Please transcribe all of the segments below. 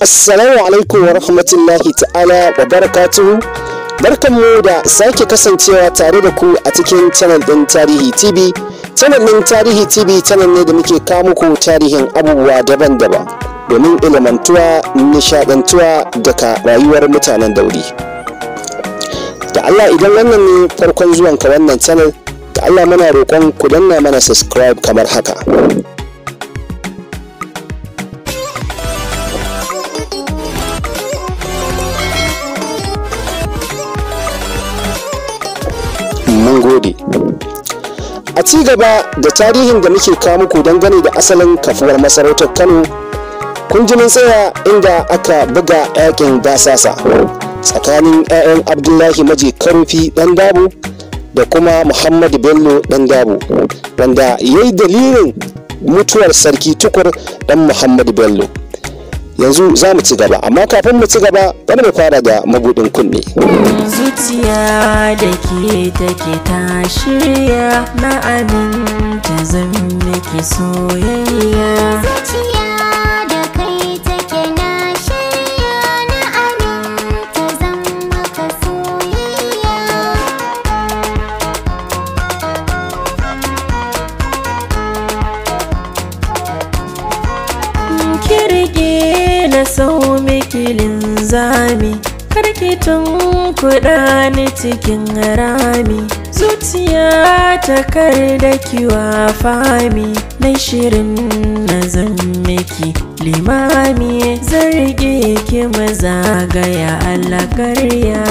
Assalamu alaikum wa rahmatullahi ta'ala wa barakatuhu. Barkanmu da sake kasancewa tare da ku a cikin channel ɗin Tarihi TV. Channel ɗin Tarihi TV channel ne da muke kawo muku tarihin abubuwa daban-daban domin ilimantuwa, nishaɗantuwa daga rayuwar mutanen dauri. da Allah idan wannan ne farkon zuwan ka wannan channel da Allah muna roƙon ku danna mana subscribe kamar haka mun gode a ci gaba da tarihin da muke kawo muku dangane da asalin kafuwar masarautar kano kun ji mun tsaya inda aka buga yakin gasasa tsakanin 'ya'yan abdullahi maje karfi dan dabo da kuma muhammadu bello dan dabo wanda ya yi dalilin mutuwar sarki tukur ɗan muhammadu bello yanzu za mu ci gaba amma kafin mu ci gaba bari mu fara da mabudin kunne zuciya da ke take ta shirya na amin ta zan soyayya wakilin zami karki tun kuɗa ni cikin rami zuciya ta kar da kiwa fami na shirin na miki limami zargi, ki mazagaya alakarya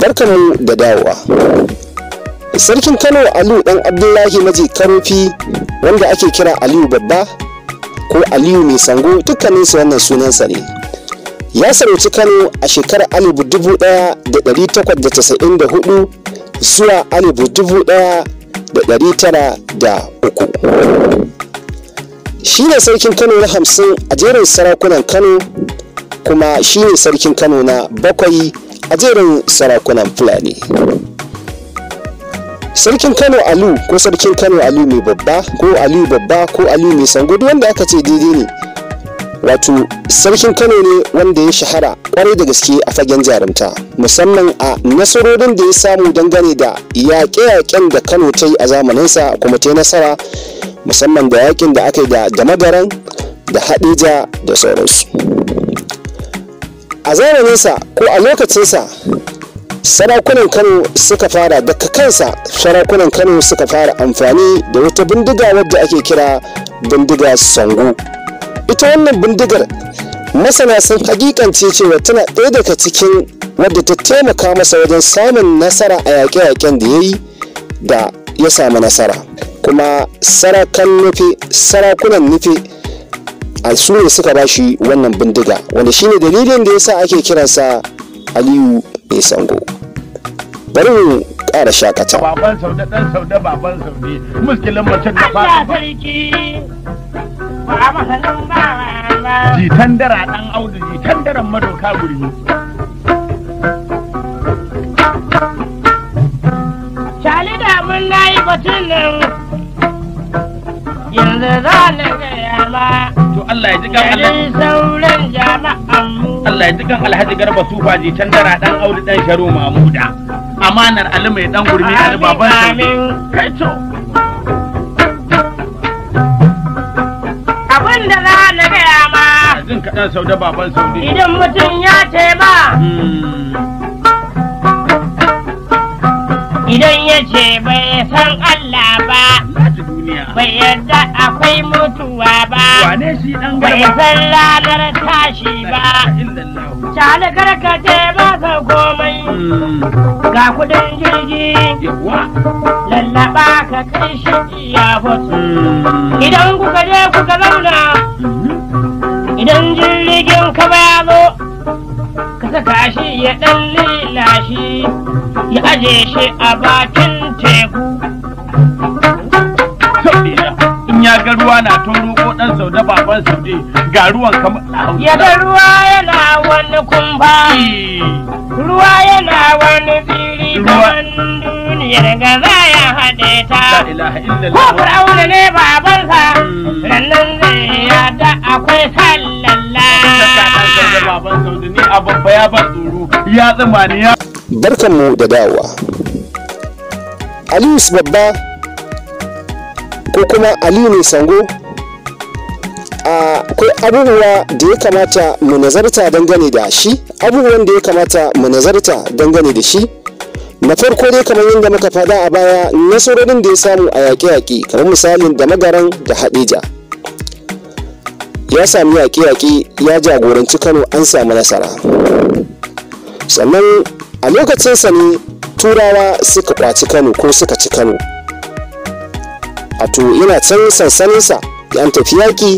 barkanmu da dawowa sarkin kano aliyu dan abdullahi maji karofi wanda ake kira aliyu babba ko aliyu mai sango su wannan sunansa ne ya sarauci kano a shekarar 1894 zuwa 1903 shi ne sarkin kano na hamsin a jerin sarakunan kano kuma shi ne sarkin kano na bakwai a jerin sarakunan fulani sarkin kano alu ko sarkin kano alu mai babba ko alu babba ko alu mai sango wanda aka ce daidai ne wato sarkin kano ne wanda ya shahara kwarai da gaske a fagen jarumta musamman a nasarorin da ya samu dangane da yaƙe-yaƙen da kano ta yi a zamaninsa kuma ta yi nasara musamman da yaƙin da aka yi da magaran da haɗeja da sauransu a zamaninsa ko a lokacinsa sarakunan kano suka fara daga kansa sarakunan kano suka fara amfani da wata bindiga wadda ake kira bindiga sango ita wannan bindigar masana sun hakikance cewa tana ɗaya daga cikin wadda ta taimaka masa wajen samun nasara a yaƙe-yaƙen da ya yi da ya sami nasara kuma sarakan nufi sarakunan nufi a su ne suka ba shi wannan bindiga wanda shine dalilin da yasa ake kiransa aliyu mai sango bari mu ƙara shakata baban saude dan saude baban saude muskilin mutum da fara ba masanin ba jitan dara dan audu jitan dara madoka gurmi Shali da mun na batun nan yanzu za na gaya ma Allah ya ji kan Allah ya ji kan Alhaji Garba Sufa ji can dara dan Audu dan Sharo Mamuda amanar Ali mai dan gurmi Ali baban sa kai to abin da za na gaya ma jin kadan sau da baban saudi idan mutum ya ce ba ce bai san Allah ba bai yadda akwai mutuwa ba bai san ranar tashi ba cani karkace ba sa komai hmm. ga kudin jirgi lallaba ka kai shi iya hmm. idan kuka je kuka zauna hmm. idan jirgin ka ba zo saka shi ya ɗan lilashi ya aje shi a bakin teku. In ya ga ruwa na tun ko ɗan sau da baban ne ga ruwan kamar Ya da ruwa yana wani kumfa, ruwa yana wani fili kamar duniyar za ya haɗe ta. Ko fir'auna ne babansa, hmm. nan zai yada akwai sali. Barkan mu da dawowa. Aliyu babba ko kuma Aliyu ne sango akwai abubuwa da ya kamata mu nazarta dangane da shi abubuwan da ya kamata mu nazarta dangane da shi na farko dai kamar yadda muka fada a baya nasarorin da ya samu a yaƙe-yaƙe kamar misalin da magaran da haɗeja ya sami yaƙe-yaƙe ya jagoranci kano an sami nasara sannan a lokacinsa ne turawa suka kwaci kano ko suka ci kano a to yana can sansaninsa yan tafi yaƙi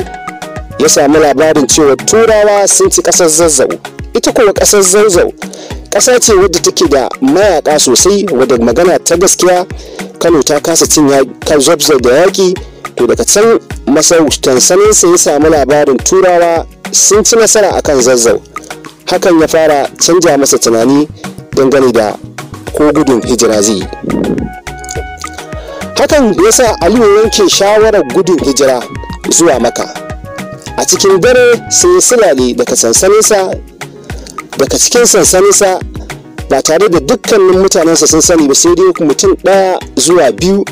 ya sami labarin cewa turawa sun ci ƙasar zazzau ita kuma ƙasar zazzau ƙasa ce wadda take da mayaƙa sosai wadda magana ta gaskiya kano ta kasa cin kan zabzau da yaƙi to daga can masau sanin ya samu labarin turawa sun ci nasara akan zazzau hakan ya fara canja masa tunani dangane da ko gudun hijira zai yi hakan ya sa aliyu yanke shawarar gudun hijira zuwa maka a cikin dare sai yi silale daga sansaninsa daga cikin sansaninsa ba tare da dukkanin mutanensa sun sani ba sai dai mutum ɗaya zuwa biyu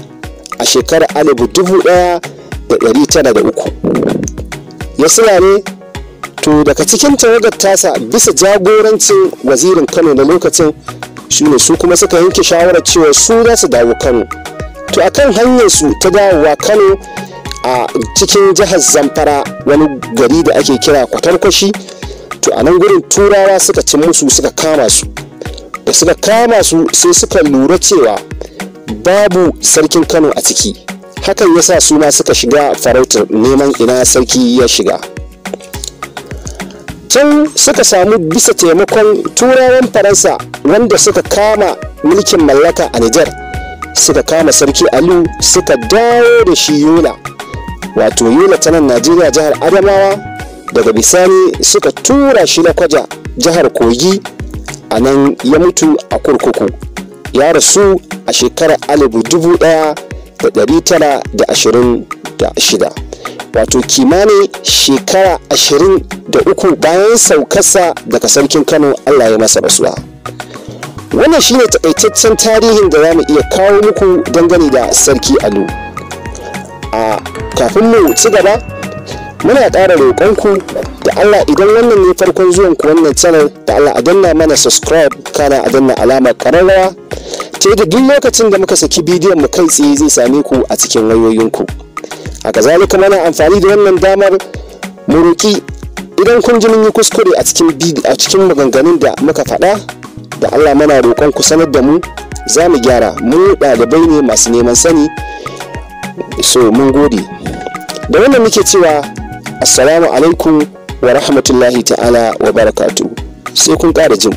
a shekarar alibu dubu daya da dari tara da uku ya tsaya ne to daga cikin tawagar tasa bisa jagorancin wazirin kano na lokacin shi ne su kuma suka yanke shawarar cewa su za su dawo kano to kan hanyar su ta dawowa kano a cikin jihar zamfara wani gari da ake kira kwatarkwashi to a nan gurin turawa suka ci musu suka kama su da suka kama su sai suka lura cewa babu sarkin kano a ciki hakan yasa su ma suka shiga farautar neman ina sarki ya shiga can suka samu bisa taimakon turawan faransa wanda suka kama mulkin mallaka a nijar suka kama sarki alu suka dawo da shi yola wato yola ta nan najeriya jihar adamawa daga bisani suka tura shi na kwaja jihar kogi a nan ya mutu a kurkuku ya rasu a shekarar alibu dubu ɗaya da ɗari tara da ashirin da shida wato kimanin shekara ashirin da uku bayan saukarsa daga sarkin kano allah ya masa rasuwa wannan shine takaitaccen tarihin da za mu iya kawo muku dangane da sarki alu a kafin mu ci gaba muna ƙara roƙonku da Allah idan wannan ne farkon zuwan ku wannan channel da Allah a danna mana subscribe kana a danna alamar kararrawa ce da duk lokacin da muka saki bidiyon mu kai tsaye zai same ku a cikin wayoyinku a kazalika mana amfani da wannan damar mu roki idan kun ji mun yi kuskure a cikin a cikin maganganun da muka faɗa da Allah mana roƙon ku sanar da mu za mu gyara mu ɗalibai ne masu neman sani so mun gode da wannan muke cewa assalamu alaikum wa rahmatullahi ta'ala wa barakatu sai kun ƙara jin